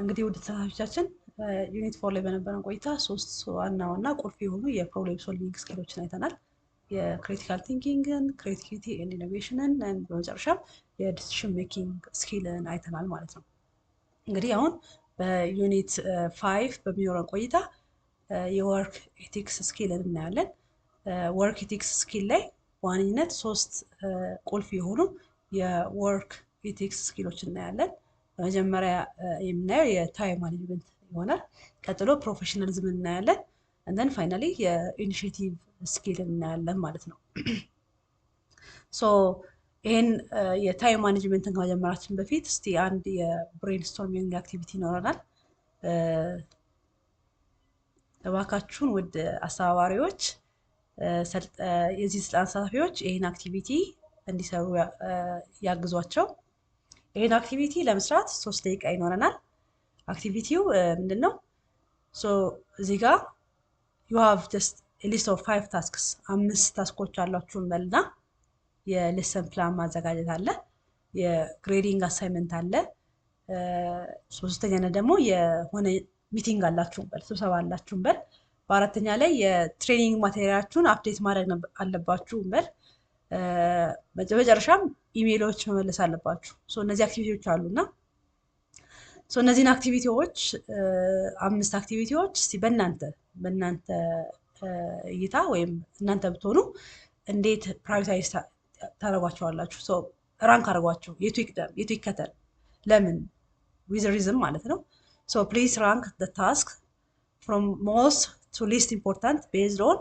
እንግዲህ ውድ ተሳታፊዎቻችን ዩኒት ፎር ላይ በነበረን ቆይታ ሶስት ዋና ዋና ቁልፍ የሆኑ የፕሮብሌም ሶልቪንግ ስኪሎችን አይተናል። የክሪቲካል ቲንኪንግን፣ ክሬቲቪቲ ኤንድ ኢኖቬሽንን በመጨረሻም የዲሲሽን ሜኪንግ ስኪልን አይተናል ማለት ነው። እንግዲህ አሁን በዩኒት ፋይቭ በሚኖረን ቆይታ የወርክ ኤቲክስ ስኪልን እናያለን። ወርክ ኤቲክስ ስኪል ላይ በዋነኝነት ሶስት ቁልፍ የሆኑ የወርክ ኤቲክስ ስኪሎች እናያለን። መጀመሪያ የምናየው የታይም ማኔጅመንት ይሆናል። ቀጥሎ ፕሮፌሽናሊዝም እናያለን። እንደን ፋይናሊ የኢኒሽቲቭ ስኪል እናያለን ማለት ነው። ሶ ይህን የታይም ማኔጅመንትን ከመጀመራችን በፊት እስቲ አንድ የብሬንስቶርሚንግ አክቲቪቲ ይኖረናል። እባካችሁን ውድ አስተባባሪዎች፣ የዚህ ስልጠና ተሳታፊዎች ይህን አክቲቪቲ እንዲሰሩ ያግዟቸው። ይህን አክቲቪቲ ለመስራት ሶስት ደቂቃ ይኖረናል። አክቲቪቲው ምንድን ነው? እዚህ ጋር ዩ ሃቭ ጀስት ሊስት ኦፍ ፋይቭ ታስክስ አምስት ታስኮች አሏችሁ እንበልና የሌሰን ፕላን ማዘጋጀት አለ፣ የግሬዲንግ አሳይመንት አለ፣ ሶስተኛ ደግሞ የሆነ ሚቲንግ አላችሁ እንበል፣ ስብሰባ አላችሁ እንበል። በአራተኛ ላይ የትሬኒንግ ማቴሪያላችሁን አፕዴት ማድረግ አለባችሁ እንበል። በመጨረሻም ኢሜሎች መመለስ አለባችሁ። እነዚህ አክቲቪቲዎች አሉ እና እነዚህን አክቲቪቲዎች አምስት አክቲቪቲዎች እስኪ በእናንተ በእናንተ እይታ ወይም እናንተ ብትሆኑ እንዴት ፕራዮሪታይዝ ታደረጓቸዋላችሁ? ራንክ አድርጓቸው። የቱ ይቅደም፣ የቱ ይከተል፣ ለምን ዊዝሪዝም ማለት ነው። ሶ ፕሊዝ ራንክ ደ ታስክ ፍሮም ሞስት ቱ ሊስት ኢምፖርታንት ቤዝድ ኦን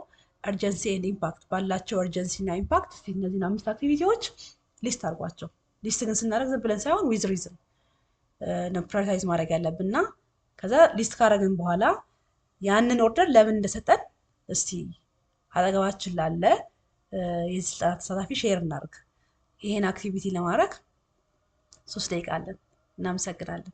እርጀንሲ ኤንድ ኢምፓክት ባላቸው እርጀንሲ እና ኢምፓክት እነዚህን አምስት አክቲቪቲዎች ሊስት አድርጓቸው። ሊስት ግን ስናደርግ ዝም ብለን ሳይሆን ዊዝ ሪዝን ነው ፕራዮሪታይዝ ማድረግ ያለብን እና ከዛ ሊስት ካደረግን በኋላ ያንን ኦርደር ለምን እንደሰጠን እስቲ አጠገባችን ላለ የስልጠና ተሳታፊ ሼር እናርግ። ይሄን አክቲቪቲ ለማድረግ ሶስት ደቂቃ አለን። እናመሰግናለን።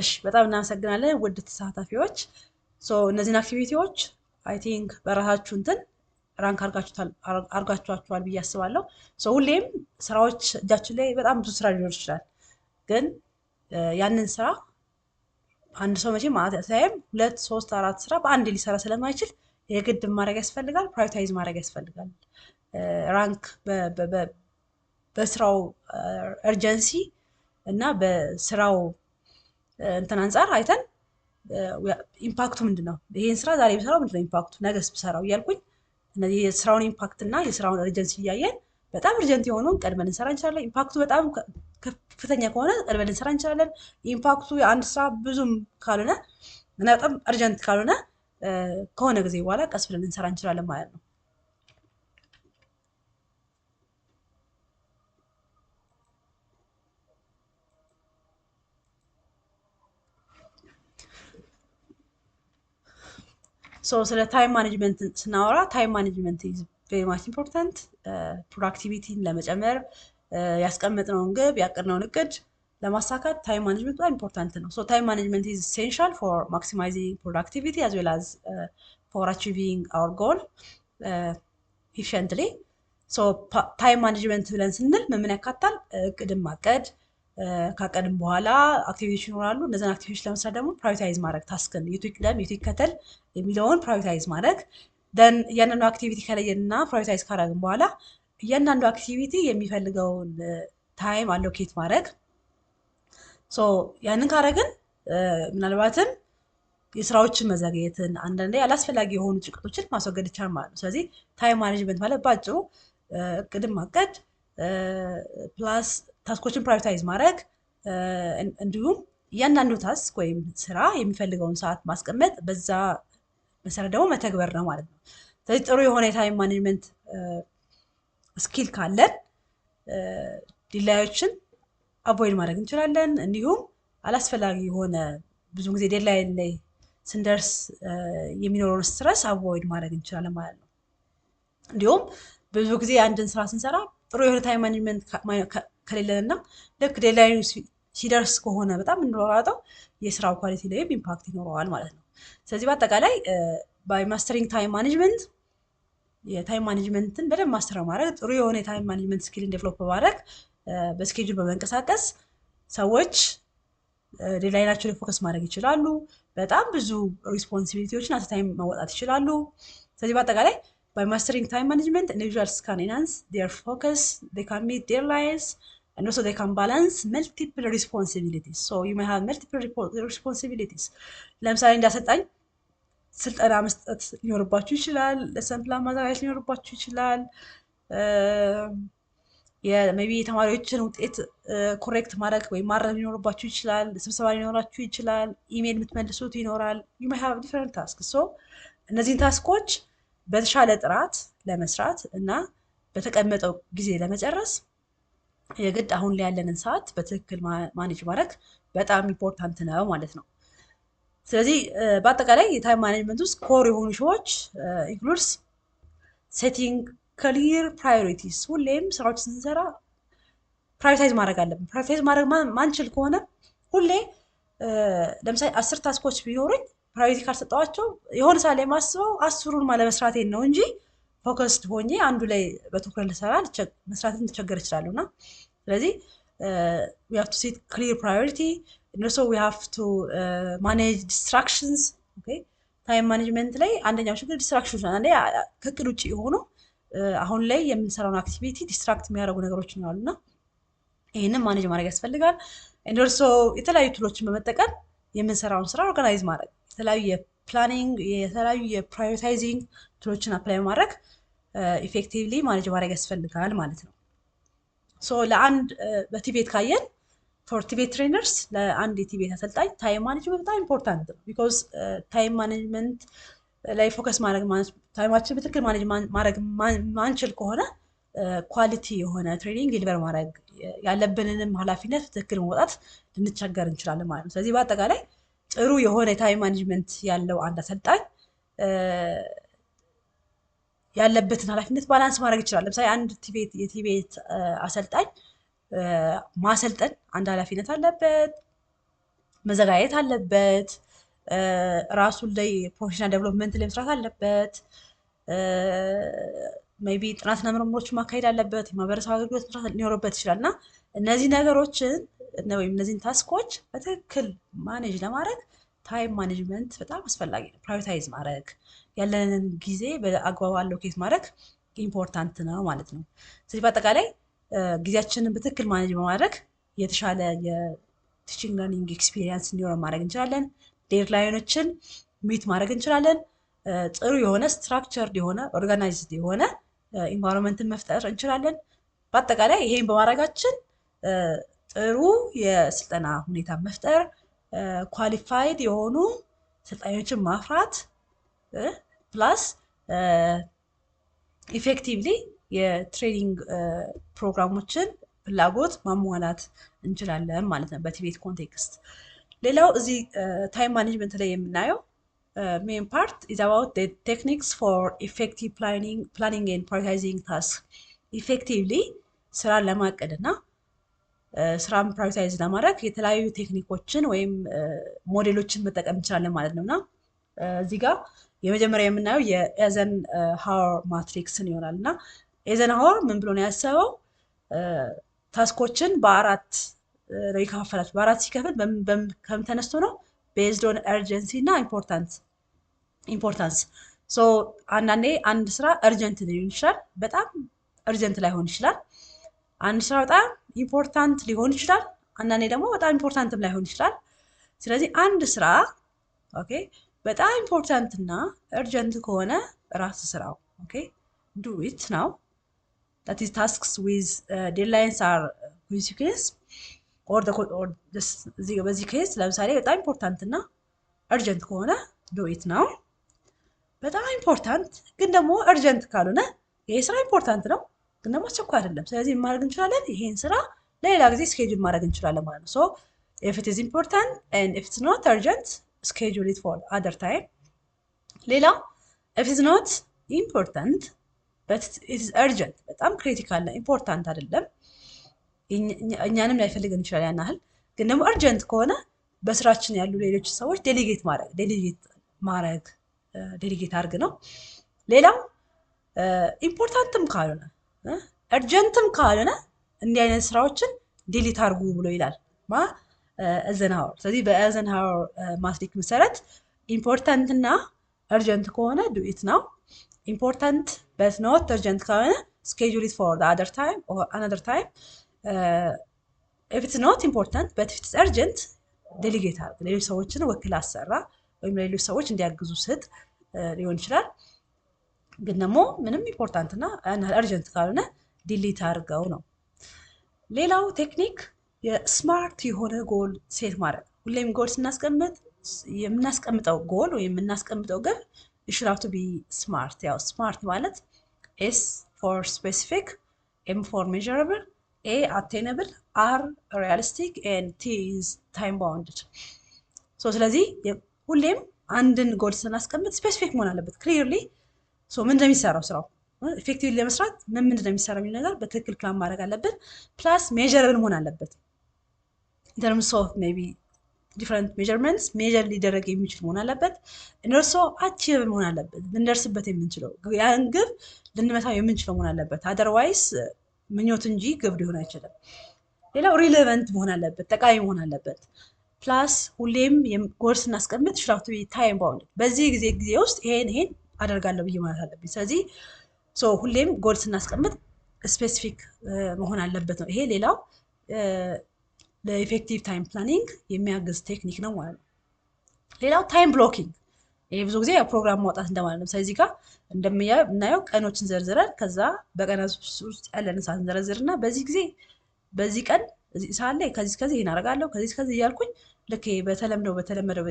እሺ በጣም እናመሰግናለን ውድ ተሳታፊዎች። እነዚህን አክቲቪቲዎች አይ ቲንክ በራሳችሁ እንትን ራንክ አርጋችኋቸዋል ብዬ አስባለሁ። ሁሌም ስራዎች እጃችን ላይ በጣም ብዙ ስራ ሊኖር ይችላል። ግን ያንን ስራ አንድ ሰው ማለት ሳይም ሁለት ሶስት አራት ስራ በአንድ ሊሰራ ስለማይችል የግድ ማድረግ ያስፈልጋል፣ ፕራዮሪታይዝ ማድረግ ያስፈልጋል። ራንክ በስራው እርጀንሲ እና በስራው እንትን አንጻር አይተን ኢምፓክቱ ምንድን ነው፣ ይሄን ስራ ዛሬ ብሰራው ምንድን ነው ኢምፓክቱ፣ ነገስ ብሰራው እያልኩኝ እነዚህ የስራውን ኢምፓክት እና የስራውን እርጀንሲ እያየን በጣም እርጀንት የሆነውን ቀድመን እንሰራ እንችላለን። ኢምፓክቱ በጣም ከፍተኛ ከሆነ ቀድመን እንሰራ እንችላለን። ኢምፓክቱ የአንድ ስራ ብዙም ካልሆነ እና በጣም እርጀንት ካልሆነ ከሆነ ጊዜ በኋላ ቀስ ብለን እንሰራ እንችላለን ማለት ነው። ስለ ታይም ማኔጅመንት ስናወራ ታይም ማኔጅመንት ኢዝ ቬሪ ማች ኢምፖርታንት። ፕሮዳክቲቪቲን ለመጨመር uh, ያስቀመጥነውን ግብ ያቅድነውን እቅድ ለማሳካት ታይም ማኔጅመንት በጣም ኢምፖርታንት ነው። ታይም ማኔጅመንት ኢዝ ኢሴንሻል ፎር ማክሲማይዚንግ ፕሮዳክቲቪቲ አዝ ዌል አዝ ፎር አቺቪንግ አወር ጎል ኢፊሽንትሊ። ሶ ታይም ማኔጅመንት ብለን ስንል ምን ያካታል? Uh, እቅድን ማቀድ ካቀድም በኋላ አክቲቪቲዎች ይኖራሉ። እነዚን አክቲቪቲዎች ለመስራት ደግሞ ፕራዮሪታይዝ ማድረግ ታስክን የቱ ይቅደም የቱ ይከተል የሚለውን ፕራዮሪታይዝ ማድረግ ደን እያንዳንዱ አክቲቪቲ ከለየንና ፕራዮሪታይዝ ካረግን በኋላ እያንዳንዱ አክቲቪቲ የሚፈልገውን ታይም አሎኬት ማድረግ ሶ ያንን ካረግን ምናልባትም የስራዎችን መዘግየትን አንዳንዴ አላስፈላጊ የሆኑ ጭቅጦችን ማስወገድ ይቻል ማለት ነው። ስለዚህ ታይም ማኔጅመንት ማለት ባጭሩ እቅድም ማቀድ ፕላስ ታስኮችን ፕራዮሪታይዝ ማድረግ እንዲሁም እያንዳንዱ ታስክ ወይም ስራ የሚፈልገውን ሰዓት ማስቀመጥ በዛ መሰረት ደግሞ መተግበር ነው ማለት ነው። ስለዚህ ጥሩ የሆነ የታይም ማኔጅመንት ስኪል ካለን ዲላዮችን አቮይድ ማድረግ እንችላለን። እንዲሁም አላስፈላጊ የሆነ ብዙ ጊዜ ዴድላይን ላይ ስንደርስ የሚኖረውን ስትረስ አቮይድ ማድረግ እንችላለን ማለት ነው። እንዲሁም ብዙ ጊዜ አንድን ስራ ስንሰራ ጥሩ የሆነ ታይም ማኔጅመንት ከሌለን እና ልክ ዴድላይኑ ሲደርስ ከሆነ በጣም እንሯሯጠው የስራው ኳሊቲ ላይም ኢምፓክት ይኖረዋል ማለት ነው። ስለዚህ በአጠቃላይ ባይ ማስተሪንግ ታይም ማኔጅመንት የታይም ማኔጅመንትን በደንብ ማስተር ማድረግ ጥሩ የሆነ የታይም ማኔጅመንት ስኪልን ዴቨሎፕ በማድረግ በስኬጁል በመንቀሳቀስ ሰዎች ዴድላይናቸው ላይ ፎከስ ማድረግ ይችላሉ። በጣም ብዙ ሪስፖንሲቢሊቲዎችን አት ታይም መወጣት ይችላሉ። ስለዚህ በአጠቃላይ ባይ ማስተሪንግ ታይም ማኔጅመንት ኢንዲቪዥዋልስ ካን ኢንሃንስ ዴር ፎከስ ዴይ ካን ሚት ዴድላይንስ And also they can balance multiple responsibilities. So you may have multiple responsibilities. ለምሳሌ እንዳሰልጣኝ ስልጠና መስጠት ሊኖርባችሁ ይችላል። ለሰምፕላ ማዘጋጀት ሊኖርባችሁ ይችላል። ቢ የተማሪዎችን ውጤት ኮሬክት ማድረግ ወይም ማረም ሊኖርባችሁ ይችላል። ስብሰባ ሊኖራችሁ ይችላል። ኢሜይል የምትመልሱት ይኖራል። ዩ ማይ ሃቭ ዲፈረንት ታስክ ሶ እነዚህን ታስኮች በተሻለ ጥራት ለመስራት እና በተቀመጠው ጊዜ ለመጨረስ የግድ አሁን ላይ ያለንን ሰዓት በትክክል ማኔጅ ማድረግ በጣም ኢምፖርታንት ነው ማለት ነው። ስለዚህ በአጠቃላይ የታይም ማኔጅመንት ውስጥ ኮር የሆኑ ሰዎች ኢንክሉድስ ሴቲንግ ክሊር ፕራዮሪቲስ። ሁሌም ስራዎች ስንሰራ ፕራዮሪታይዝ ማድረግ አለብን። ፕራዮሪታይዝ ማድረግ ማንችል ከሆነ ሁሌ ለምሳሌ አስር ታስኮች ቢኖሩኝ ፕራዮሪቲ ካልሰጠዋቸው የሆነ ሰዓት ላይ የማስበው አስሩን ማለመስራቴን ነው እንጂ ፎከስድ ሆኜ አንዱ ላይ በትኩረት ልሰራ መስራት ልቸገር እችላለሁ እና ስለዚህ ዊ ቱ ሴት ክሊር ፕራዮሪቲ እነርሶ ዊ ቱ ማኔጅ ዲስትራክሽንስ ታይም ማኔጅመንት ላይ አንደኛው ችግር ዲስትራክሽን ና ከእቅድ ውጭ የሆኑ አሁን ላይ የምንሰራውን አክቲቪቲ ዲስትራክት የሚያደርጉ ነገሮች ይኖራሉ እና ይህንም ማኔጅ ማድረግ ያስፈልጋል። እንደርሶ የተለያዩ ቱሎችን በመጠቀም የምንሰራውን ስራ ኦርጋናይዝ ማድረግ የተለያዩ ፕላኒንግ፣ የተለያዩ የፕራዮሪታይዚንግ ትሎችን አፕላይ ማድረግ ኢፌክቲቭሊ ማኔጅ ማድረግ ያስፈልጋል ማለት ነው። ሶ ለአንድ በቲቤት ካየን ፎር ቲቤት ትሬነርስ ለአንድ የቲቤት አሰልጣኝ ታይም ማኔጅመንት በጣም ኢምፖርታንት ነው። ቢካዝ ታይም ማኔጅመንት ላይ ፎከስ ማድረግ ታይማችን በትክክል ማኔጅ ማድረግ ማንችል ከሆነ ኳሊቲ የሆነ ትሬኒንግ ዲሊቨር ማድረግ ያለብንንም ሀላፊነት ትክክል መውጣት ልንቸገር እንችላለን ማለት ነው። ስለዚህ በአጠቃላይ ጥሩ የሆነ ታይም ማኔጅመንት ያለው አንድ አሰልጣኝ ያለበትን ኃላፊነት ባላንስ ማድረግ ይችላል። ለምሳሌ አንድ የቲቤት አሰልጣኝ ማሰልጠን አንድ ኃላፊነት አለበት፣ መዘጋጀት አለበት፣ ራሱን ላይ ፕሮፌሽናል ዴቨሎፕመንት ላይ መስራት አለበት። ሜይ ቢ ጥናትና ምርምሮች ማካሄድ አለበት፣ የማህበረሰብ አገልግሎት መስራት ሊኖርበት ይችላል እና እነዚህ ነገሮችን ወይም እነዚህን ታስኮች በትክክል ማኔጅ ለማድረግ ታይም ማኔጅመንት በጣም አስፈላጊ ነው። ፕራዮሪታይዝ ማድረግ ያለንን ጊዜ በአግባቡ አሎኬት ማድረግ ኢምፖርታንት ነው ማለት ነው። ስለዚህ በአጠቃላይ ጊዜያችንን በትክክል ማኔጅ በማድረግ የተሻለ የቲችንግ ለርኒንግ ኤክስፒሪየንስ እንዲኖረን ማድረግ እንችላለን። ዴድላይኖችን ሚት ማድረግ እንችላለን። ጥሩ የሆነ ስትራክቸር የሆነ ኦርጋናይዝድ የሆነ ኢንቫይሮንመንትን መፍጠር እንችላለን። በአጠቃላይ ይሄን በማድረጋችን ጥሩ የስልጠና ሁኔታ መፍጠር፣ ኳሊፋይድ የሆኑ ሰልጣኞችን ማፍራት ፕላስ ኢፌክቲቭሊ የትሬኒንግ ፕሮግራሞችን ፍላጎት ማሟላት እንችላለን ማለት ነው በቲቤት ኮንቴክስት። ሌላው እዚህ ታይም ማኔጅመንት ላይ የምናየው ሜን ፓርት ኢዝ አባውት ቴክኒክስ ፎር ኢፌክቲቭ ፕላኒንግ ኤንድ ፕራዮሪታይዚንግ ታስክ ኢፌክቲቭሊ ስራን ለማቀድ እና ስራን ፕራዮታይዝ ለማድረግ የተለያዩ ቴክኒኮችን ወይም ሞዴሎችን መጠቀም እንችላለን ማለት ነው እና እዚህ ጋር የመጀመሪያ የምናየው የኤዘን ሃወር ማትሪክስን ይሆናል እና ኤዘን ሃወር ምን ብሎ ነው ያሰበው ታስኮችን በአራት ነው የከፋፈላቸው በአራት ሲከፍል ከም ተነስቶ ነው ቤዝዶን ኤርጀንሲ እና ኢምፖርታንስ ኢምፖርታንስ አንዳንዴ አንድ ስራ እርጀንት ሊሆን ይችላል በጣም እርጀንት ላይሆን ይችላል አንድ ስራ በጣም ኢምፖርታንት ሊሆን ይችላል። አንዳንዴ ደግሞ በጣም ኢምፖርታንትም ላይሆን ይችላል። ስለዚህ አንድ ስራ ኦኬ በጣም ኢምፖርታንት እና እርጀንት ከሆነ ራስ ስራው ኦኬ ዱ ኢት ናው ዳት ኢዝ ታስክስ ዊዝ ዴድላይንስ አር are ኦር or the or this በዚህ ኬስ ለምሳሌ በጣም ኢምፖርታንት እና እርጀንት ከሆነ ዱ ኢት ናው። በጣም ኢምፖርታንት ግን ደግሞ እርጀንት ካልሆነ ይሄ ስራ ኢምፖርታንት ነው ግን ደግሞ አስቸኳይ አይደለም። ስለዚህ ማድረግ እንችላለን ይሄን ስራ ለሌላ ጊዜ ስኬጁል ማድረግ እንችላለን ማለት ነው። ሶ ኢፍ ኢት ኢዝ ኢምፖርታንት ኤንድ ኢፍ ኢትስ ኖት አርጀንት ስኬጁል ኢት ፎር አደር ታይም። ሌላ ኢፍ ኢትስ ኖት ኢምፖርታንት በት ኢት ኢዝ አርጀንት፣ በጣም ክሪቲካል ነው፣ ኢምፖርታንት አይደለም። እኛንም ላይፈልገን ይችላል ያን ያህል። ግን ደግሞ አርጀንት ከሆነ በስራችን ያሉ ሌሎች ሰዎች ዴሊጌት ማድረግ ዴሊጌት ማድረግ ዴሊጌት አድርግ ነው። ሌላው ኢምፖርታንትም ካልሆነ እርጀንትም ካልሆነ እንዲህ አይነት ስራዎችን ዲሊት አርጉ ብሎ ይላል ማ እዘንሃወር። ስለዚህ በእዘንሃወር ማስሊክ መሰረት ኢምፖርታንት እና እርጀንት ከሆነ ዱኢት ነው። ኢምፖርታንት በት ኖት እርጀንት ከሆነ ስኬጁል ኢት ፎር አደር ታይም አናደር ታይም ኢትስ ኖት ኢምፖርታንት በት ኢትስ እርጀንት ዴሊጌት አድርግ። ሌሎች ሰዎችን ወክል አሰራ ወይም ለሌሎች ሰዎች እንዲያግዙ ስጥ ሊሆን ይችላል። ግን ደግሞ ምንም ኢምፖርታንት እና እርጀንት ካልሆነ ዲሊት አድርገው ነው። ሌላው ቴክኒክ የስማርት የሆነ ጎል ሴት ማድረግ። ሁሌም ጎል ስናስቀምጥ የምናስቀምጠው ጎል ወይም የምናስቀምጠው ግብ ይሽራቱ ቢ ስማርት። ያው ስማርት ማለት ኤስ ፎር ስፔሲፊክ፣ ኤም ፎር ሜዥረብል፣ ኤ አቴነብል፣ አር ሪያሊስቲክ ኤንድ ቲ ኢዝ ታይም ባውንድድ። ሶ ስለዚህ ሁሌም አንድን ጎል ስናስቀምጥ ስፔሲፊክ መሆን አለበት ክሊርሊ ምን እንደሚሰራው ስራው ኢፌክቲቭ ለመስራት ምን ምን እንደሚሰራው የሚል ነገር በትክክል ፕላን ማድረግ አለብን። ፕላስ ሜጀርብል መሆን አለበት። ኢንተርምስ ኦፍ ሜይ ቢ ዲፍረንት ሜጀርመንትስ ሜጀር ሊደረግ የሚችል መሆን አለበት። እንደርሶ አቺቭ መሆን አለበት። ልንደርስበት የምንችለው ያን ግብ ልንመታው የምንችለው መሆን አለበት። አደርዋይስ ምኞት እንጂ ግብ ሊሆን አይችልም። ሌላው ሪሌቨንት መሆን አለበት፣ ጠቃሚ መሆን አለበት። ፕላስ ሁሌም ጎል ስናስቀምጥ ሽላቱ ታይም ባውንድ በዚህ ጊዜ ጊዜ ውስጥ ይሄን ይሄን አደርጋለሁ ብዬ ማለት አለብኝ። ስለዚህ ሁሌም ጎል ስናስቀምጥ ስፔሲፊክ መሆን አለበት ነው። ይሄ ሌላው ለኢፌክቲቭ ታይም ፕላኒንግ የሚያግዝ ቴክኒክ ነው ማለት ነው። ሌላው ታይም ብሎኪንግ፣ ይሄ ብዙ ጊዜ ፕሮግራም ማውጣት እንደማለት ነው። ስለዚህ ጋር እንደምናየው ቀኖችን ዘርዝረን ከዛ በቀናት ውስጥ ያለን ሰዓት እንዘረዝርና በዚህ ጊዜ በዚህ ቀን ሰዓት ላይ ከዚህ ከዚህ እናደርጋለሁ ከዚህ ከዚህ እያልኩኝ ልክ በተለምደው በተለመደው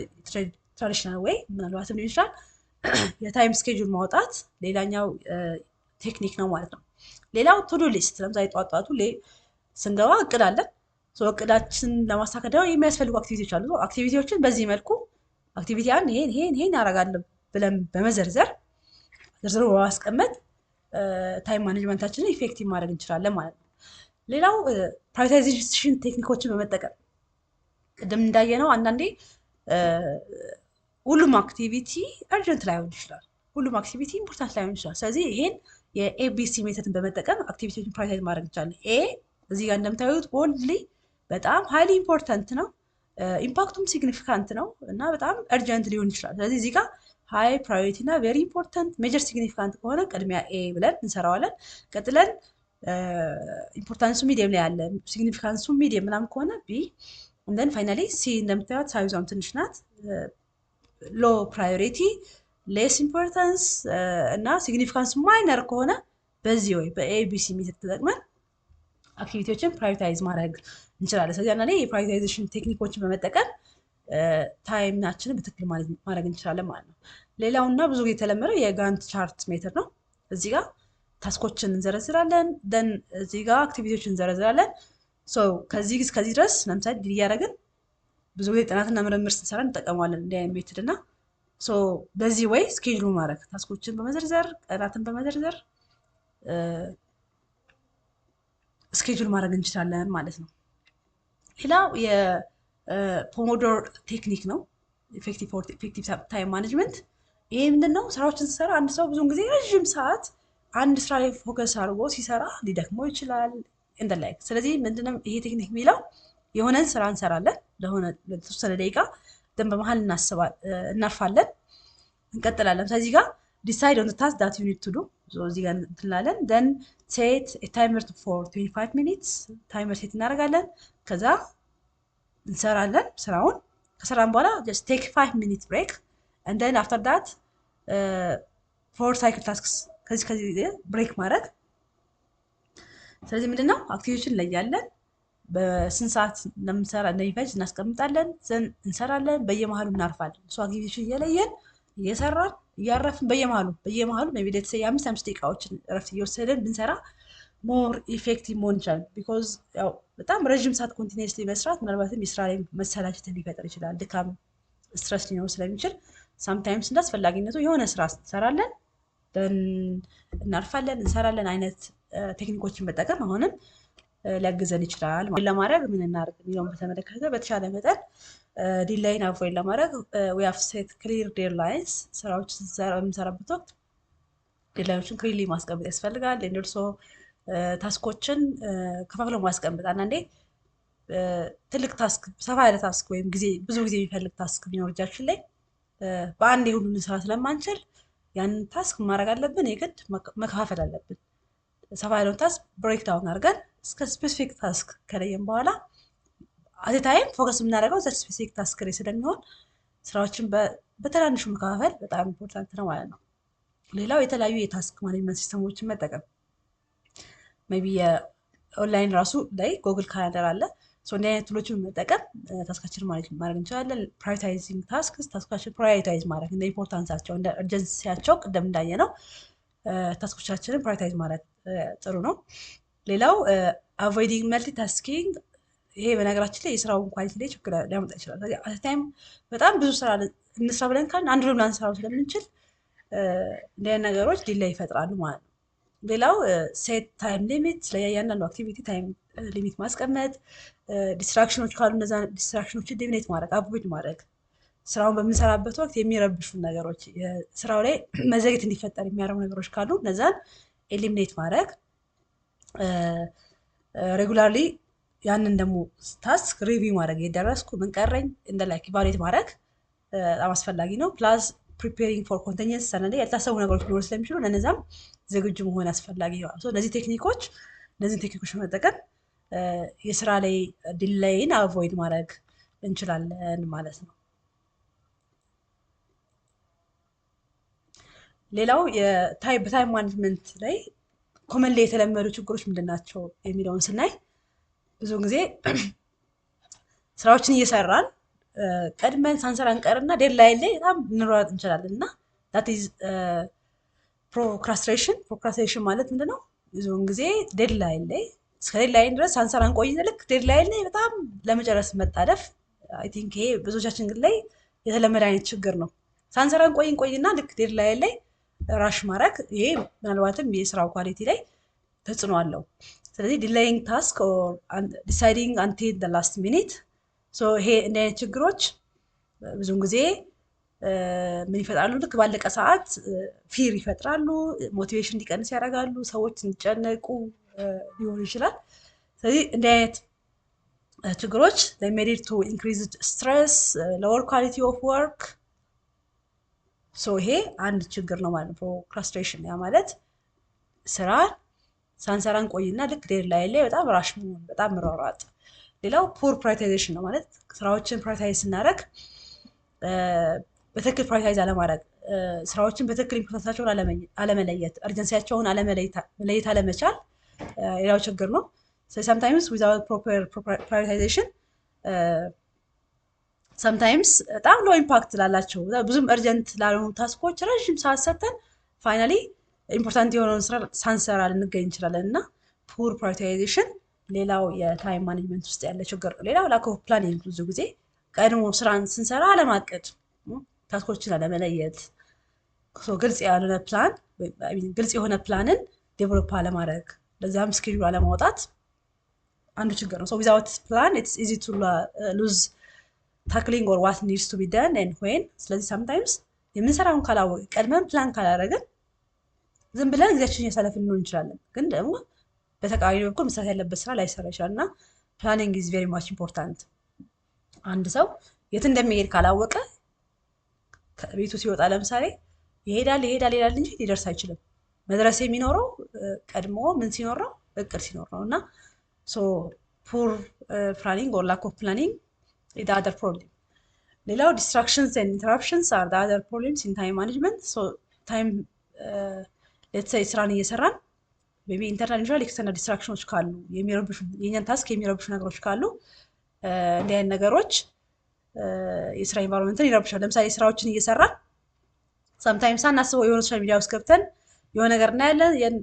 ትራዲሽናል ወይ ምናልባትም ሊሆን ይችላል የታይም ስኬጁል ማውጣት ሌላኛው ቴክኒክ ነው ማለት ነው። ሌላው ቱዱ ሊስት ለምሳሌ ጠዋት ስንገባ እቅድ አለን። እቅዳችን ለማሳካት ደግሞ የሚያስፈልጉ አክቲቪቲዎች አሉ። አክቲቪቲዎችን በዚህ መልኩ አክቲቪቲ አንድ ይሄን ይሄን ይሄን ያደርጋለሁ ብለን በመዘርዘር ዝርዝሩ በማስቀመጥ ታይም ማኔጅመንታችንን ኢፌክቲቭ ማድረግ እንችላለን ማለት ነው። ሌላው ፕራዮሪታይዜሽን ቴክኒኮችን በመጠቀም ቅድም እንዳየነው አንዳንዴ ሁሉም አክቲቪቲ እርጀንት ላይሆን ይችላል። ሁሉም አክቲቪቲ ኢምፖርታንት ላይሆን ይችላል። ስለዚህ ይሄን የኤቢሲ ሜተድን በመጠቀም አክቲቪቲዎችን ፕራይታይዝ ማድረግ እንችላለን። ኤ እዚህ ጋር እንደምታዩት ቦልድሊ በጣም ሀይሊ ኢምፖርታንት ነው፣ ኢምፓክቱም ሲግኒፊካንት ነው እና በጣም እርጀንት ሊሆን ይችላል። ስለዚህ እዚህ ጋር ሀይ ፕራዮሪቲ እና ቨሪ ኢምፖርታንት ሜጀር ሲግኒፊካንት ከሆነ ቅድሚያ ኤ ብለን እንሰራዋለን። ቀጥለን ኢምፖርታንሱ ሚዲየም ላይ ያለ ሲግኒፊካንሱ ሚዲየም ምናምን ከሆነ ቢ እንደን ፋይናሊ ሲ እንደምታዩት ሳይዟም ትንሽ ናት። ሎ ፕራዮሪቲ ሌስ ኢምፖርታንስ እና ሲግኒፊካንስ ማይነር ከሆነ በዚህ ወይ በኤቢሲ ሜትድ ተጠቅመን አክቲቪቲዎችን ፕራዮሪታይዝ ማድረግ እንችላለን። ስለዚህ አንዳንዴ የፕራዮሪታይዜሽን ቴክኒኮችን በመጠቀም ታይምናችንን uh, በትክክል ማድረግ እንችላለን ማለት ነው። ሌላውና ብዙ የተለመደው የጋንት ቻርት ሜትር ነው። እዚህ ጋር ታስኮችን እንዘረዝራለን፣ ደን እዚህ ጋር አክቲቪቲዎችን እንዘረዝራለን። ከዚህ እስከዚህ ድረስ ለምሳሌ ዲድ እያደረግን ብዙ ጊዜ ጥናትና ምርምር ስንሰራ እንጠቀመዋለን እንዲህ ሜትድ እና በዚህ ወይ ስኬጁል ማድረግ ታስኮችን በመዘርዘር ቀናትን በመዘርዘር ስኬጁል ማድረግ እንችላለን ማለት ነው። ሌላው የፖሞዶር ቴክኒክ ነው፣ ኢፌክቲቭ ታይም ማኔጅመንት። ይሄ ምንድን ነው? ስራዎችን ስሰራ አንድ ሰው ብዙውን ጊዜ ረዥም ሰዓት አንድ ስራ ላይ ፎከስ አድርጎ ሲሰራ ሊደክመው ይችላል እንደላይ። ስለዚህ ምንድነው ይሄ ቴክኒክ የሚለው የሆነን ስራ እንሰራለን ለሆነ ለተወሰነ ደቂቃ ደን በመሀል እናርፋለን፣ እንቀጥላለን። ስለዚህ ጋር ዲሳይድ ኦን ታስክ ዳት ዩኒት ኒድ ቱ ዱ እዚህ ጋር እንትላለን። ደን ሴት ታይመር ፎር 25 ሚኒትስ ታይመር ሴት እናደርጋለን። ከዛ እንሰራለን ስራውን። ከሰራን በኋላ ቴክ 5 ሚኒት ብሬክ እንደን አፍተር ዳት ፎር ሳይክል ታስክስ ከዚህ ከዚህ ብሬክ ማድረግ ስለዚህ ምንድነው አክቲቪቲዎችን እንለያለን። በስንት ሰዓት እንደምንሰራ እንደሚፈጅ እናስቀምጣለን። ዘን እንሰራለን። በየመሀሉ እናርፋለን። እሷ ጊዜሽ እየለየን እየሰራን እያረፍን በየመሀሉ በየመሀሉ ቢ የተሰየ አምስት አምስት ደቂቃዎችን እረፍት እየወሰደን ብንሰራ ሞር ኢፌክቲቭ መሆን ይችላል። ቢኮዝ ያው በጣም ረዥም ሰዓት ኮንቲኒስሊ መስራት ምናልባትም የስራ ላይ መሰላቸትን ሊፈጥር ይችላል። ድካም፣ ስትረስ ሊኖር ስለሚችል ሳምታይምስ እንደ አስፈላጊነቱ የሆነ ስራ እንሰራለን፣ እናርፋለን፣ እንሰራለን አይነት ቴክኒኮችን መጠቀም አሁንም ሊያግዘን ይችላል። ለማድረግ ምን እናደርግ የሚለውን በተመለከተ በተሻለ መጠን ዲላይን አቮይድ ለማድረግ ዊያፍ ሴት ክሊር ዴድላይንስ ስራዎች የምንሰራበት ወቅት ዴድላይኖችን ክሊርሊ ማስቀመጥ ያስፈልጋል። እንደርሶ ታስኮችን ከፋፍሎ ማስቀመጥ አንዳንዴ uh, ትልቅ ታስክ፣ ሰፋ ያለ ታስክ ወይም ጊዜ ብዙ ጊዜ የሚፈልግ ታስክ ቢኖር እጃችን ላይ uh, በአንድ የሁሉን ስራ ስለማንችል ያንን ታስክ ማድረግ አለብን፣ የግድ መከፋፈል አለብን። ሰፋ ያለውን ታስክ ብሬክዳውን አድርገን እስከ ስፔሲፊክ ታስክ ከለየም በኋላ አዜ ታይም ፎከስ የምናደርገው ዘ ስፔሲፊክ ታስክ ላይ ስለሚሆን ስራዎችን በትናንሹ መከፋፈል በጣም ኢምፖርታንት ነው ማለት ነው። ሌላው የተለያዩ የታስክ ማኔጅመንት ሲስተሞችን መጠቀም ቢ የኦንላይን ራሱ ላይ ጎግል ካላንደር አለ። እንዲህ አይነት ቱሎችን መጠቀም ታስካችን ማድረግ እንችላለን። ፕራዮሪታይዚንግ ታስክ ታስካችን ፕራዮሪታይዝ ማድረግ እንደ ኢምፖርታንሳቸው እንደ እርጀንሲያቸው ቅደም እንዳየ ነው ታስኮቻችንን ፕራዮሪታይዝ ማድረግ ጥሩ ነው። ሌላው አቮይዲንግ መልቲ ታስኪንግ ይሄ በነገራችን ላይ የስራውን ኳሊቲ ላይ ችግር ሊያመጣ ይችላል። ታይም በጣም ብዙ ስራ እንስራ ብለን ካልን አንድ ሮም ላንሰራው ስለምንችል እንደ ነገሮች ዲላይ ይፈጥራሉ ማለት ነው። ሌላው ሴት ታይም ሊሚት ለእያንዳንዱ አክቲቪቲ ታይም ሊሚት ማስቀመጥ፣ ዲስትራክሽኖች ካሉ እነዛ ዲስትራክሽኖችን ዲሚኔት ማድረግ አቮይድ ማድረግ፣ ስራውን በምንሰራበት ወቅት የሚረብሹ ነገሮች፣ ስራው ላይ መዘግየት እንዲፈጠር የሚያደርጉ ነገሮች ካሉ እነዛን ኤሊሚኔት ማድረግ ሬጉላርሊ ያንን ደግሞ ታስክ ሪቪው ማድረግ የደረስኩ ምን ቀረኝ እንደ ላይክ ኢቫሉዌት ማድረግ በጣም አስፈላጊ ነው። ፕላስ ፕሪፔሪንግ ፎር ኮንቲንጀንስ ሰነ ያልታሰቡ ነገሮች ሊኖር ስለሚችሉ ለነዛም ዝግጁ መሆን አስፈላጊ ይሆናል። እነዚህ ቴክኒኮች እነዚህን ቴክኒኮች በመጠቀም የስራ ላይ ዲላይን አቮይድ ማድረግ እንችላለን ማለት ነው። ሌላው በታይም ማኔጅመንት ላይ ኮመን ላይ የተለመዱ ችግሮች ምንድን ናቸው የሚለውን ስናይ ብዙ ጊዜ ስራዎችን እየሰራን ቀድመን ሳንሰራ እንቀርና ዴድላይን ላይ በጣም እንሯጥ እንችላለን እና ፕሮክራስትሬሽን ፕሮክራስትሬሽን ማለት ምንድነው? ብዙውን ጊዜ ዴድላይን ላይ እስከ ዴድላይን ድረስ ሳንሰራ እንቆይና ልክ ዴድላይን ላይ በጣም ለመጨረስ መጣደፍ አይ ቲንክ ይሄ ብዙዎቻችን ግን ላይ የተለመደ አይነት ችግር ነው። ሳንሰራ እንቆይ እንቆይና ልክ ዴድላይን ላይ ራሽ ማድረግ ይሄ ምናልባትም የስራው ኳሊቲ ላይ ተጽዕኖ አለው። ስለዚህ ዲላይንግ ታስክ ኦር ዲሳይዲንግ አንቲል ደ ላስት ሚኒት ይሄ እንዲህ አይነት ችግሮች ብዙውን ጊዜ ምን ይፈጥራሉ? ልክ ባለቀ ሰዓት ፊር ይፈጥራሉ፣ ሞቲቬሽን እንዲቀንስ ያደርጋሉ፣ ሰዎች እንዲጨነቁ ሊሆን ይችላል። ስለዚህ እንዲህ አይነት ችግሮች ሜዲድ ቱ ኢንክሪዝድ ስትረስ፣ ሎወር ኳሊቲ ኦፍ ወርክ ይሄ አንድ ችግር ነው ማለት ፕሮክራስትሬሽን። ያ ማለት ስራ ሳንሰራን ቆይና ልክ ዴድላይን ላይ ላይ በጣም ራሽ መሆን፣ በጣም መሯሯጥ። ሌላው ፖር ፕራዮሪታይዜሽን ነው ማለት ስራዎችን ፕራዮሪታይዝ ስናደርግ በትክክል ፕራዮሪታይዝ አለማድረግ፣ ስራዎችን በትክክል ኢምፖርታንሳቸውን አለመለየት፣ እርጀንሲያቸውን አለመለየት አለመቻል ሌላው ችግር ነው። ሰምታይምስ ዊዛውት ፕሮፐር ፕራዮሪታይዜሽን ሰምታይምስ በጣም ሎ ኢምፓክት ላላቸው ብዙም እርጀንት ላልሆኑ ታስኮች ረዥም ሰዓት ሰጥተን ፋይናሊ ኢምፖርታንት የሆነውን ስራ ሳንሰራ ልንገኝ እንችላለን እና ፑር ፕራዮሪታይዜሽን ሌላው የታይም ማኔጅመንት ውስጥ ያለ ችግር ነው። ሌላው ላክ ኦፍ ፕላኒንግ ብዙ ጊዜ ቀድሞ ስራን ስንሰራ አለማቀድ፣ ታስኮችን አለመለየት፣ ግልጽ ያልሆነ ፕላን ግልጽ የሆነ ፕላንን ዴቨሎፕ አለማድረግ፣ ለዚያም ስኬጁል አለማውጣት አንዱ ችግር ነው። ሶ ዊዛውት ፕላን ኢትስ ኢዚ ቱ ሉዝ ታክሊንግ ኦር ዋት ኒድስ ቱ ቢ ደን ን ወይን። ስለዚህ ሳምታይምስ የምንሰራውን ካላወቅ ቀድመን ፕላን ካላደረግን ዝም ብለን ጊዜያችን እያሳለፍን ልንሆን እንችላለን። ግን ደግሞ በተቃዋሚ በኩል መስራት ያለበት ስራ ላይሰራ ይችላል እና ፕላኒንግ ኢዝ ቬሪ ማች ኢምፖርታንት። አንድ ሰው የት እንደሚሄድ ካላወቀ ከቤቱ ሲወጣ ለምሳሌ ይሄዳል ይሄዳል ይሄዳል እንጂ ሊደርስ አይችልም። መድረስ የሚኖረው ቀድሞ ምን ሲኖር ነው? እቅድ ሲኖር ነው እና ፑር ፕላኒንግ ኦር ላክ ኦፍ ፕላኒንግ the other problem ሌላው ዲስትራክሽንስ ኤንድ ኢንተራፕሽንስ አር አዘር ፕሮብሌምስ ኢን ታይም ማኔጅመንት ታይም ሌትስ ስራን እየሰራን ቢ ኢንተርናል ዩል ኤክስተርናል ዲስትራክሽኖች ካሉ የእኛን ታስክ የሚረብሹ ነገሮች ካሉ uh, እንዲህ አይነት ነገሮች uh, የስራ ኢንቫይሮንመንትን ይረብሻል። ለምሳሌ ስራዎችን እየሰራን ሰምታይም ሳናስበው የሆነ ሶሻል ሚዲያ ውስጥ ገብተን የሆነ ነገር እናያለን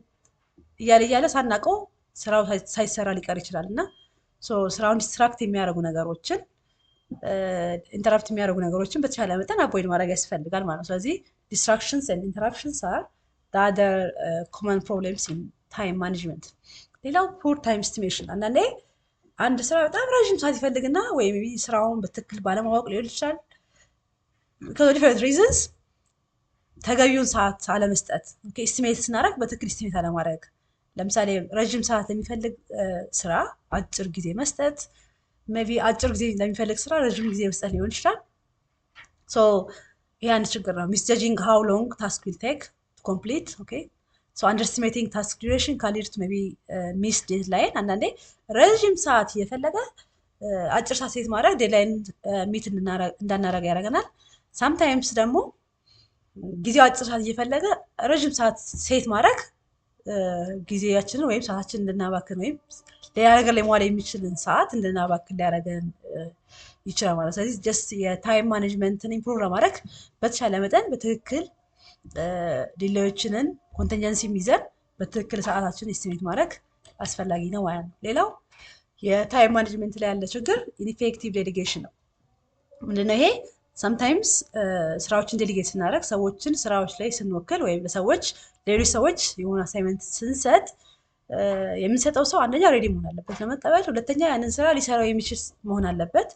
እያለ እያለ ሳናውቀው ስራው ሳይሰራ ሊቀር ይችላል እና ስራውን ዲስትራክት የሚያደርጉ ነገሮችን ኢንተራፕት የሚያደርጉ ነገሮችን በተቻለ መጠን አቮይድ ማድረግ ያስፈልጋል ማለት ነው። ስለዚህ ዲስትራክሽንስ ኤንድ ኢንተራፕሽንስ አር ዳደር ኮመን ፕሮብለምስ ኢን ታይም ማኔጅመንት። ሌላው ፖር ታይም ስቲሜሽን፣ አንዳንዴ አንድ ስራ በጣም ረዥም ሰዓት ይፈልግና ወይም ስራውን በትክክል ባለማወቅ ሊሆን ይችላል ከዲፈረንት ሪዝንስ ተገቢውን ሰዓት አለመስጠት፣ ስቲሜት ስናደርግ በትክክል ስቲሜት አለማድረግ፣ ለምሳሌ ረዥም ሰዓት የሚፈልግ ስራ አጭር ጊዜ መስጠት ቢ አጭር ጊዜ ለሚፈልግ ስራ ረዥም ጊዜ መስጠት ሊሆን ይችላል። ሶ ይሄ አንድ ችግር ነው። ሚስጀጂንግ ሃው ሎንግ ታስክ ዊል ቴክ ኮምፕሊት ኦኬ ሶ ታስክ ዱሬሽን ካሊድት ቢ ሚስ ዴት አንዳንዴ ረዥም ሰዓት እየፈለገ uh, አጭር ሰዓት ሴት ማድረግ ዴድላይን uh, ሚት እንዳናረግ ያደርገናል። ሳምታይምስ ደግሞ ጊዜው አጭር ሰዓት እየፈለገ ረዥም ሰዓት ሴት ማድረግ ጊዜያችንን ወይም ሰዓታችን እንድናባክን ወይም ሌላ ነገር ላይ መዋል የሚችልን ሰዓት እንድናባክን ሊያደርገን ይችላል ማለት። ስለዚህ ጀስት የታይም ማኔጅመንትን ኢምፕሩቭ ለማድረግ በተሻለ መጠን በትክክል ዲሌዎችንን ኮንተንጀንሲ የሚይዘን በትክክል ሰዓታችን ኢስቲሜት ማድረግ አስፈላጊ ነው ማለት ነው። ሌላው የታይም ማኔጅመንት ላይ ያለ ችግር ኢንፌክቲቭ ዴሊጌሽን ነው። ምንድነው ይሄ? ሰምታይምስ uh, ስራዎችን ዴሊጌት ስናደርግ ሰዎችን ስራዎች ላይ ስንወክል ወይም ለሰዎች ሌሎች ሰዎች የሆነ አሳይመንት ስንሰጥ uh, የምንሰጠው ሰው አንደኛ ሬዲ መሆን አለበት ለመጠበቅ፣ ሁለተኛ ያንን ስራ ሊሰራው የሚችል መሆን አለበት።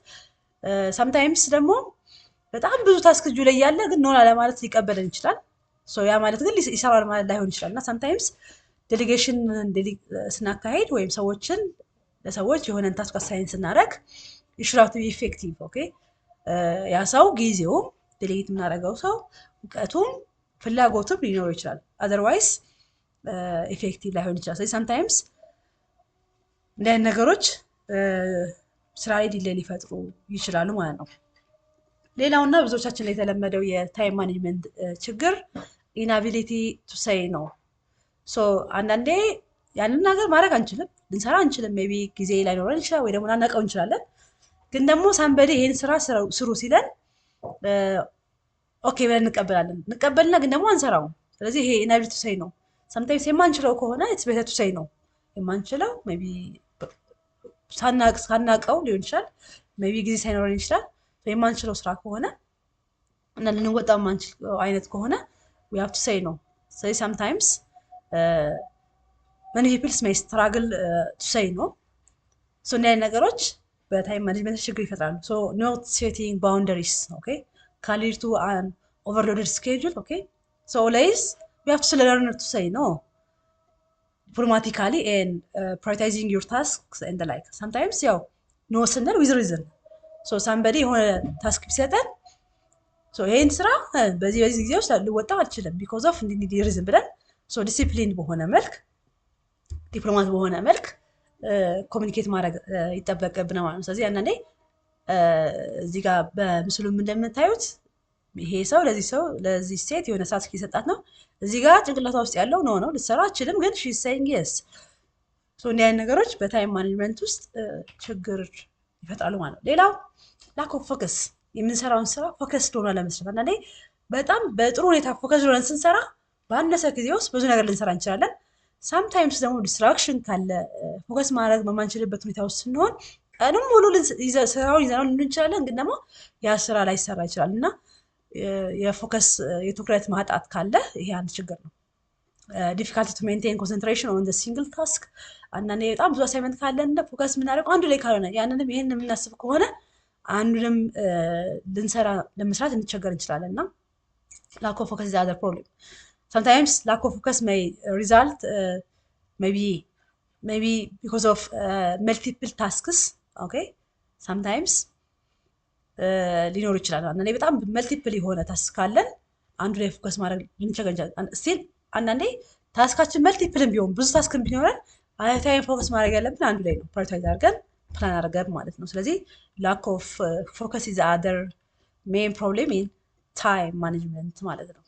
ሰምታይምስ uh, ደግሞ በጣም ብዙ ታስክ እጁ ላይ ያለ ግን ኖና ለማለት ሊቀበለን ይችላል። ያ ማለት ግን ይሰራል ማለት ላይሆን ይችላል እና ሰምታይምስ ዴሊጌሽን ስናካሄድ ወይም ሰዎችን ለሰዎች የሆነን ታስክ አሳይን ስናደረግ ኢሹድ ኢፌክቲቭ ኦኬ ያ ሰው ጊዜውም ድሌት የምናደርገው ሰው እውቀቱም ፍላጎቱም ሊኖር ይችላል። አዘርዋይስ ኢፌክቲቭ ላይሆን ይችላል። ስለዚህ ሳምታይምስ እንደ ነገሮች ስራ ላይ ዲሌይ ሊፈጥሩ ይችላሉ ማለት ነው። ሌላውና ብዙዎቻችን ላይ የተለመደው የታይም ማኔጅመንት ችግር ኢናቢሊቲ ቱ ሰይ ነው። ሶ አንዳንዴ ያንን ነገር ማድረግ አንችልም፣ ልንሰራ አንችልም። ሜይ ቢ ጊዜ ላይኖረን ይችላል፣ ወይ ደግሞ ላናቀው እንችላለን ግን ደግሞ ሳንበዴ ይህን ስራ ስሩ ሲለን ኦኬ ብለን እንቀበላለን። እንቀበልና ግን ደግሞ አንሰራውም። ስለዚህ ይሄ ኢናቢሊቲ ቱ ነው። ሰምታይምስ የማንችለው ከሆነ ቤተር ቱ ሴይ ነው የማንችለው ቢ ሳናቀው ሊሆን ይችላል። ሜይ ቢ ጊዜ ሳይኖረን ይችላል። የማንችለው ስራ ከሆነ እና ልንወጣ የማንችለው አይነት ከሆነ ዊ ሃቭ ቱ ሴይ ነው። ስለዚህ ሳምታይምስ መኒ ፒፕልስ ሜይ ስትራግል ቱ ሴይ ነው። ሶ እንዲህ አይነት ነገሮች በታይም ማኔጅመንት ችግር ይፈጥራሉ። ኖት ሴቲንግ ባውንደሪስ ከሊድ ቱ አን ኦቨርሎድድ ስኬጁል ኦልዌይስ ዩ ሃቭ ቱ ለርን ቱ ሴይ ኖ ፕሮማቲካሊ ፕራዮሪታይዚንግ ዩር ታስክስ ኤንድ ላይክ ሳምታይምስ ያው ኖ ስንል ዊዝ ሪዝን ሳምበዲ የሆነ ታስክ ቢሰጠን ይህን ስራ በዚህ በዚህ ጊዜ ውስጥ ልወጣው አልችልም ቢኮዝ ኦፍ ሪዝን ብለን ዲሲፕሊን በሆነ መልክ ዲፕሎማት በሆነ መልክ ኮሚኒኬት ማድረግ ይጠበቅብናል ማለት ነው። ስለዚህ አንዳንዴ እዚህ ጋር በምስሉ እንደምታዩት ይሄ ሰው ለዚህ ሰው ለዚህ ሴት የሆነ ሳስክ እየሰጣት ነው። እዚህ ጋር ጭንቅላቷ ውስጥ ያለው ነው ነው ልትሰራ አችልም፣ ግን ሺ ሰይንግ የስ እንዲህ አይነት ነገሮች በታይም ማኔጅመንት ውስጥ ችግር ይፈጣሉ ማለት ነው። ሌላው ላክ ኦፍ ፎከስ፣ የምንሰራውን ስራ ፎከስ ዶና ለመስራት አንዳንዴ በጣም በጥሩ ሁኔታ ፎከስ ዶነን ስንሰራ በአነሰ ጊዜ ውስጥ ብዙ ነገር ልንሰራ እንችላለን። ሳምታይምስ ደግሞ ዲስትራክሽን ካለ ፎከስ ማድረግ በማንችልበት ሁኔታ ውስጥ ስንሆን ቀንም ሙሉ ስራውን ይዘነው ልንል እንችላለን፣ ግን ደግሞ ያ ስራ ላይ ይሰራ ይችላል እና የፎከስ የትኩረት ማጣት ካለ ይሄ አንድ ችግር ነው። ዲፊካልቲ ቱ ሜንቴን ኮንሰንትሬሽን ኦን ሲንግል ታስክ። አንዳንዴ በጣም ብዙ አሳይመንት ካለን ፎከስ የምናደርገው አንዱ ላይ ካልሆነ ያንንም ይህን የምናስብ ከሆነ አንዱንም ልንሰራ ለመስራት እንቸገር እንችላለን እና ላኮ ፎከስ ዘ አዘር ፕሮብሌም sometimes lack of focus may result uh, maybe maybe because of uh, multiple tasks okay sometimes uh, ሊኖር ይችላል አንዳንዴ በጣም መልቲፕል የሆነ ታስክ ካለን አንዱ ላይ ፎከስ ማድረግ ልንቸገር እንችላለን ስቲል አንዳንዴ ታስካችን መልቲፕልም ቢሆን ብዙ ታስክም ቢኖረን አይታይም ፎከስ ማድረግ ያለብን አንዱ ላይ ነው ፕራዮሪታይዝ አድርገን ፕላን አድርገን ማለት ነው ስለዚህ ላክ ኦፍ ፎከስ ኢዝ አደር ሜን ፕሮብሌም ኢን ታይም ማኔጅመንት ማለት ነው